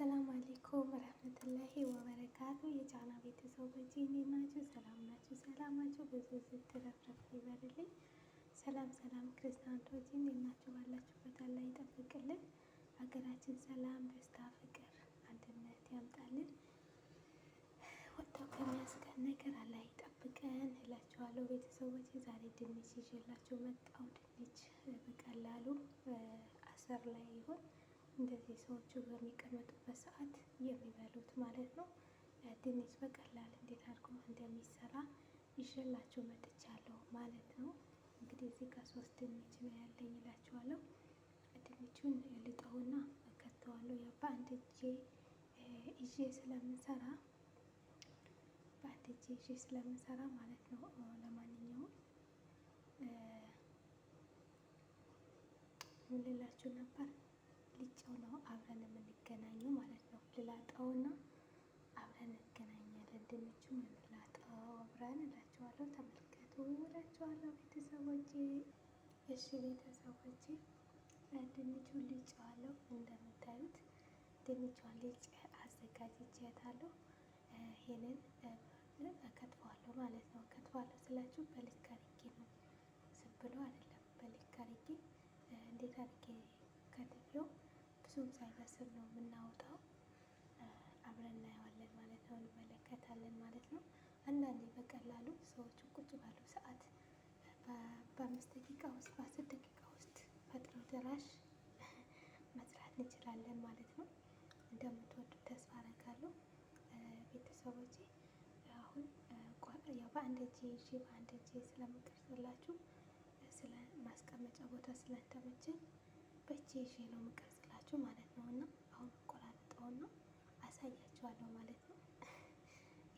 ሰላም አሌይኩም ረህመቱላሂ ወበረካቱ። የጫና ቤተሰቦች እንዴት ናችሁ? ሰላም ናችሁ? ሰላማችሁ ብዙ ስትረፍረፍ ይበልልኝ። ሰላም ሰላም፣ ክርስቲያኖች እንዴት ናችሁ? ባላችሁበት አላህ ይጠብቅልን። ሀገራችን ሰላም፣ ደስታ፣ ፍቅር፣ አንድነት ያምጣልን። ወጥተው ከሚያስቀን ነገር አላህ ይጠብቀን እላችኋለሁ። ቤተሰቦች ዛሬ ድንች ይዤላችሁ መጣሁ። ድንች በቀላሉ አሰር ላይ ይሆን እንደዚህ ሰዎቹ በሚቀመጡበት ሰዓት የሚበሉት ማለት ነው። ድንች በቀላል እንዴት አድርጎ እንደሚሰራ ይዤላችሁ መጥቻለሁ ማለት ነው። እንግዲህ እዚህ ጋር ሶስት ድንች ነው ያለኝ እላችኋለሁ። ድንቹን ልጠውና ከተዋለሁ። ያው በአንድ እጄ ይዤ ስለምሰራ በአንድ እጄ ይዤ ስለምሰራ ማለት ነው። ለማንኛውም ምን ልላችሁ ነበር? ልጨው ነው አብረን የምንገናኘው ማለት ነው። ልላጠውና አብረን እንገናኛለን። ድንቹ የምንላጠው አብረን እላቸዋለሁ። ተመልከቱ እላቸዋለሁ ቤተሰቦቼ። እሺ ቤተሰቦቼ ድንቹን ልጨዋለሁ። እንደምታዩት ድንቿን ልጭ አዘጋጅቼያታለሁ። ይህንን ከትፈዋለሁ ማለት ነው። ከትፈዋለሁ ስላችሁ በልክ አድርጌ ነው ስብሎ አይደለም። በልክ አድርጌ እንዴት አድርጌ ብዙም ሳይበስል ነው የምናወጣው። አብረን እናየዋለን ማለት ነው፣ እንመለከታለን ማለት ነው። አንዳንዴ በቀላሉ ሰዎች ቁጭ ባሉ ሰዓት በአምስት ደቂቃ ውስጥ በአስር ደቂቃ ውስጥ ፈጥነው ደራሽ መስራት እንችላለን ማለት ነው። እንደምትወዱት ተስፋ አደርጋለሁ ቤተሰቦች አሁን ያው በአንድ እጄ ይዤ በአንድ እጄ ስለምቀርጽላችሁ ስለ ማስቀመጫ ቦታ ስለተመቸኝ በእጄ ይዤ ነው የምቀርጽ አላችሁ ማለት ነው። እና አሁን ቆራርጠውና አሳያችኋለሁ ማለት ነው።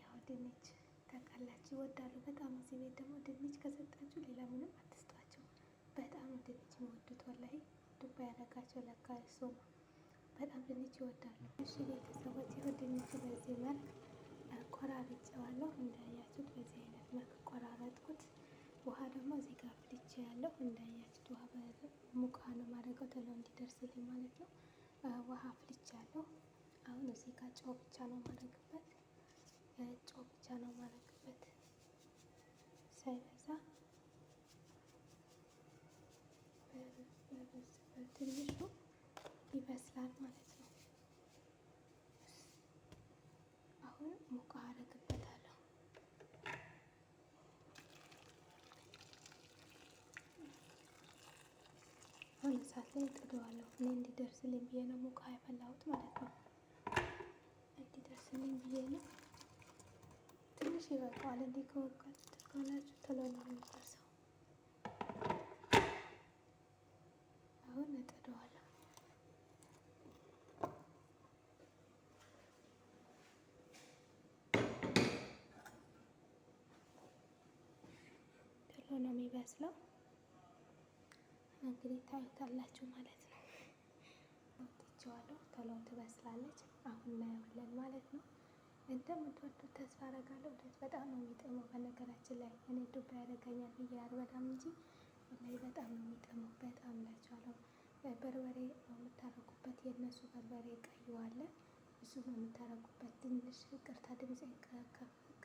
ያው ድንች ታውቃላችሁ ይወዳሉ በጣም እዚህ ቤት ደግሞ ድንች ከሰጣችሁ ሌላ ምንም አትስጧቸው። በጣም ድንች የሚወዱት ወላሂ ዱባ ያደረጋቸው ለካ እሱ ነው። በጣም ድንች ይወዳሉ። እሺ ቤተሰቦች ይኸው ድንቹ በዚህ መልክ ቆራርጬዋለሁ። እንዳያችሁት በዚህ አይነት መልክ ቆራረጥኩት። ውሃ ደግሞ እዚህ ጋር ያለው እንዳያችሁት ውሃ ሙቅ ውሃ ነው ማድረገው ቶሎ እንዲደርስልኝ ማለት ነው። ውሃ ፍልቼ ያለው አሁን እዚህ ጋር ጨው ብቻ ነው ማድረግበት ጨው ብቻ ነው ማድረግበት ሳይበዛ ትንሹ ይበስላል ማለት ነው። እሳት ላይ ጥደዋለሁ። እኔ እንዲደርስልኝ ብዬ ነው ሙቃ ያፈላሁት ማለት ነው። እንዲደርስልኝ ብዬ ነው። ትንሽ ይበቃዋል። እንዲህ ከወቀት ከሆናችሁ ቶሎ ነው የሚደርሰው። አሁን እጥደዋለሁ። ቶሎ ነው የሚበስለው። እንግዲህ ታዩታላችሁ ማለት ነው። ወጥቼዋለሁ ቶሎ ትበስላለች። አሁን እናየዋለን ማለት ነው። እንደምትወዱት ተስፋ አደርጋለሁ። እውነት በጣም ነው የሚጥመው። በነገራችን ላይ እኔ ዱባ ያደርገኛል ብዬ አልበላም እንጂ ላይ በጣም ነው የሚጥመው። በጣም ላችኋለሁ። በርበሬ ነው የምታረጉበት። የእነሱ በርበሬ ቀዩ አለ እሱ ነው የምታረጉበት። ትንሽ ይቅርታ ድምፅ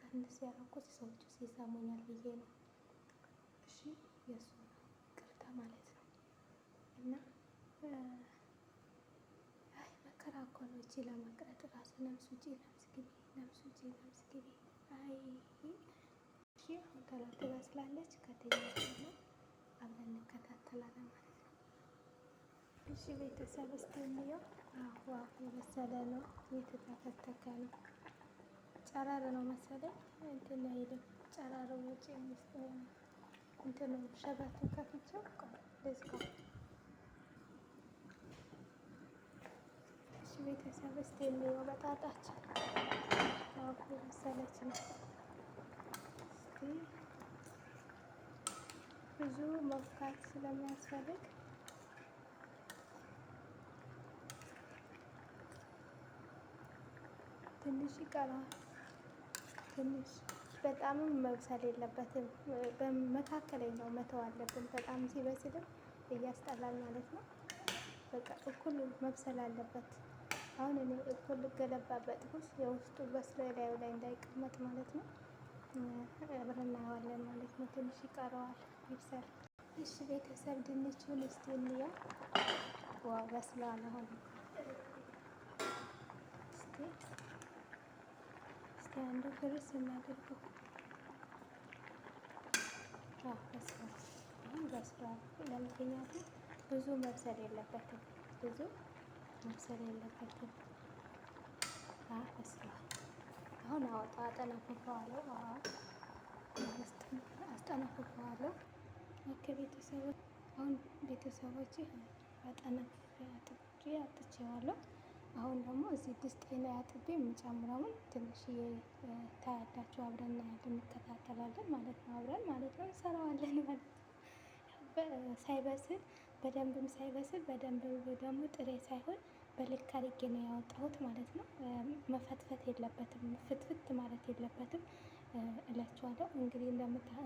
ቀንስ ያደረኩት ሰዎች ይሰሙኛል ብዬ ነው። እሺ የእሱ ይቅርታ ማለት ነው። አይ መከራ እኮ ነው እጅ ለመቅረጥ ራሱ ነፍስ ውጪ ነፍስ ግቢ ነፍስ ውጪ ነፍስ ግቢ። አይ እሺ አሁን ተላትላ ስላለች ከተኛ አብረን እንከታተላለን ማለት ነው። እሺ ቤተሰብ እስቲ እንየው። አሁ የበሰለ ነው የተፈተከ ነው። ጨረር ነው መሰለኝ እንትን አይልም። ጨረር ውጪ እንትን ሸበቱን ከፍቼው ቆይ ደስታ ቤተሰብ እስቲ የሚው በጣጣችን የመሰለች ነው። ብዙ መፍታት ስለሚያስፈልግ ትንሽ ይቀራል። ትንሽ በጣምም መብሰል የለበትም። በመካከለኛው መተው አለብን። በጣም ሲበስልም እያስጠላል ማለት ነው። በቃ እኩል መብሰል አለበት። አሁን እኔ እኩል ልገለባበት ውስጥ የውስጡ በስለ ላዩ ላይ እንዳይቀመጥ ማለት ነው። አብረን እናየዋለን ማለት ነው። ትንሽ ይቀረዋል ይብሰል። እሺ ቤተሰብ ድንቹን እስቲ እንየው። ዋው በስሏል። አሁን እስቲ እስቲ አንዱ ፍርስ እናድርገው። ዋው በስሏል። አሁን በስሏል። ለምክንያቱም ብዙ መብሰል የለበትም ብዙ መብሰል የለበትም። አሁን አወጣ አጠናፍፈዋለሁ። አስጠናፍፈዋለሁ። ኦኬ ቤተሰቦች፣ አሁን ቤተሰቦች አጠናፍፌ አጥቤ አጥቼዋለሁ። አሁን ደግሞ እዚህ ድስጤ ላይ አጥቤ የምጨምረውን ትንሽዬ ታያላችሁ። አብረን እንከታተላለን ማለት ነው። አብረን ማለት ነው እንሰራዋለን ማለት ነው። ሳይበስል በደንብም ሳይበስል በደንብ ደግሞ ጥሬ ሳይሆን በልክ አድርጌ ነው ያወጣሁት ማለት ነው። መፈትፈት የለበትም ፍትፍት ማለት የለበትም እላችኋለሁ። እንግዲህ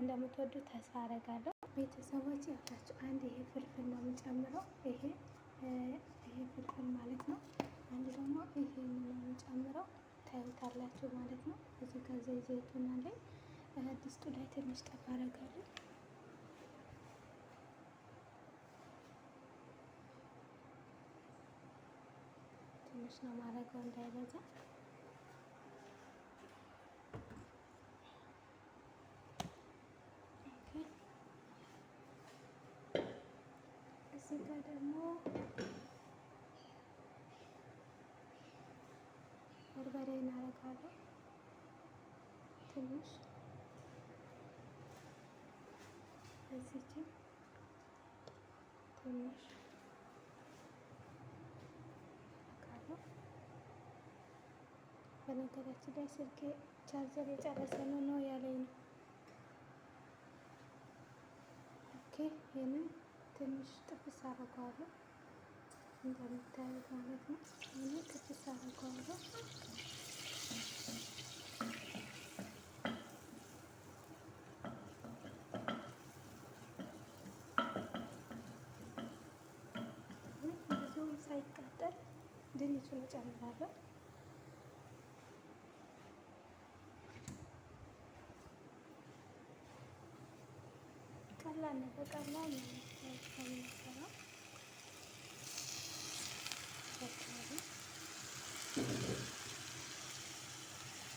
እንደምትወዱ ተስፋ አረጋለሁ። ቤተሰቦች ያላችሁ አንድ ይሄ ፍልፍል ነው የምጨምረው። ይሄ ይሄ ፍልፍል ማለት ነው። አንድ ደግሞ ይሄ ነው የምጨምረው። ታዩታላችሁ ማለት ነው። እዚህ ጋር ዘይቱን አለኝ። ድስቱ ላይ ትንሽ ጠብ አረጋለሁ። ትንሽ ነው ማድረገው እንዳይበዛ። እዚህ ጋር ደግሞ በርበሬ እናደርጋለን ትንሽ እዚህም ትንሽ በነገራችን ላይ ስልክ ቻርጀር የጨረሰ ነው ነው ያለኝ ነው። ኦኬ ይህንን ትንሽ ጥብስ አደርገዋለሁ እንደምታዩት ማለት ነው። ይህንን ጥብስ አደርገዋለሁ። ብዙም ሳይቃጠል ድንቹን እጨምራለሁ። ቀላል ነው። በቀላል ነው የሚሰራው።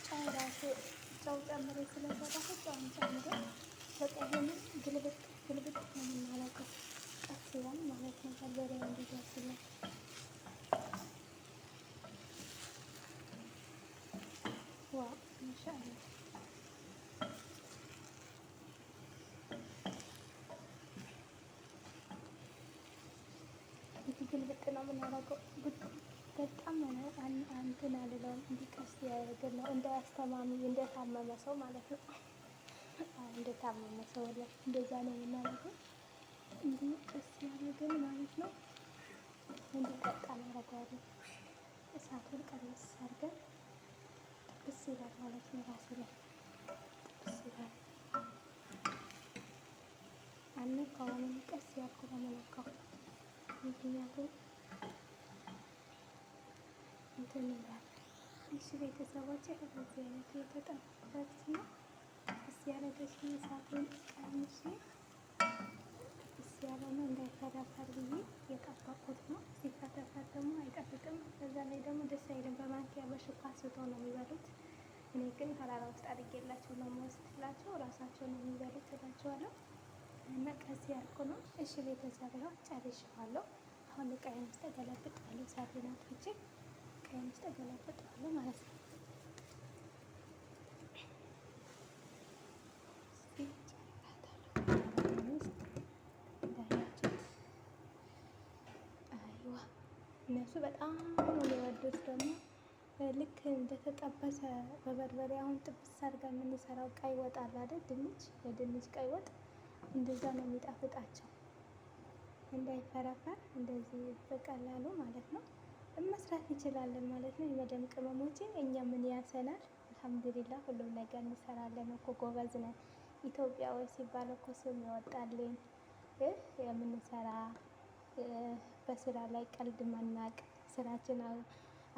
ጨው ራሱ ጨው ጨምሬ ስለሰራሁት ጨውን ጨምሬ በቃ ይሄንን ግልብጥ ግልብጥ ነው የምናደርገው። ቀስ ይላል ማለት ነው ከበሬው እንዲደርስልን ዋው ማሻአላህ አላውቀው በጣም እንትን አልለውም። እንዲቀስ ያደርግ ነው እንደ አስተማሚ እንደታመመ ሰው ማለት ነው። እንደታመመ ሰው ላይ እንደዛ ነው የምናደርገው። ቀስ ያደርግን ማለት ነው። እንዲጠጣ ያደርገዋል። እሳቱን ቀነስ አድርገን ጥብስ ይላል ማለት ነው። ራሱ ላይ ጥብስ ይላል። አነካው አሁንም ቀስ ያልኩ ለመለካው ምክንያቱም እንትን ይላል። እሺ ቤተሰቦች በዚህ አይነት እየተጠበኩበት ነው። ቀስ ያለ ደግሞ እሳቱን ቀንሼ ቀስ ያለ ነው እንዳይፈረፈር ብዬ የጠበቁት ነው። ሲፈረፈር ደግሞ አይጠብቅም። በዛ ላይ ደግሞ ደስ አይልም። በማንኪያ በሹካ ስተው ነው የሚበሉት። እኔ ግን ተራራ ውስጥ አድርጌላቸው ነው የምወስድላቸው። ራሳቸው ነው የሚበሉት እላቸዋለሁ። እና ቀስ ያልኩ ነው። እሺ ቤተሰብ ያው ጨርሼዋለሁ። አሁን ዕቃዬን ውስጥ ገለብጥ ያለው ሳቴናት ከላይ ውስጥ እገለበጠዋለሁ ማለት ነው። እነሱ በጣም የወዱት ደግሞ ልክ እንደተጠበሰ በበርበሬ አሁን ጥብስ አድርጋ የምንሰራው ቀይ ወጥ አለ አይደል? ድንች የድንች ቀይ ወጥ እንደዛ ነው የሚጣፍጣቸው። እንዳይፈረፈር እንደዚህ በቀላሉ ማለት ነው። መስራት እንችላለን ማለት ነው። የመደም ቅመሞችን እኛ ምን ያሰናል? አልሐምዱሊላ ሁሉም ነገር እንሰራለን እኮ ጎበዝ ነን። ወይ ሲባል እኮ ስም ይወጣልን። የምንሰራ በስራ ላይ ቀልድ መናቅ፣ ስራችን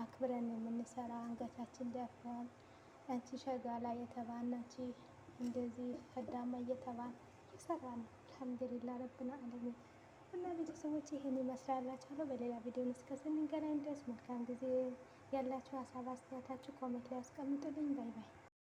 አክብረን የምንሰራ አንገታችን ደፍረን አንቺ ሸጋላ የተባን አንቺ እንደዚህ ከዳማ እየተባን ይሰራ ነው። አልሐምዱሊላ ረብና አለሚን እና ቤተሰቦች ይህን ይመስላላችኋለሁ። በሌላ ቪዲዮ እስከ ስንገናኝ ድረስ መልካም ጊዜ ያላችሁ ሀሳብ አስተያየታችሁ ኮሜንት ላይ አስቀምጡልኝ። ባይ ባይ።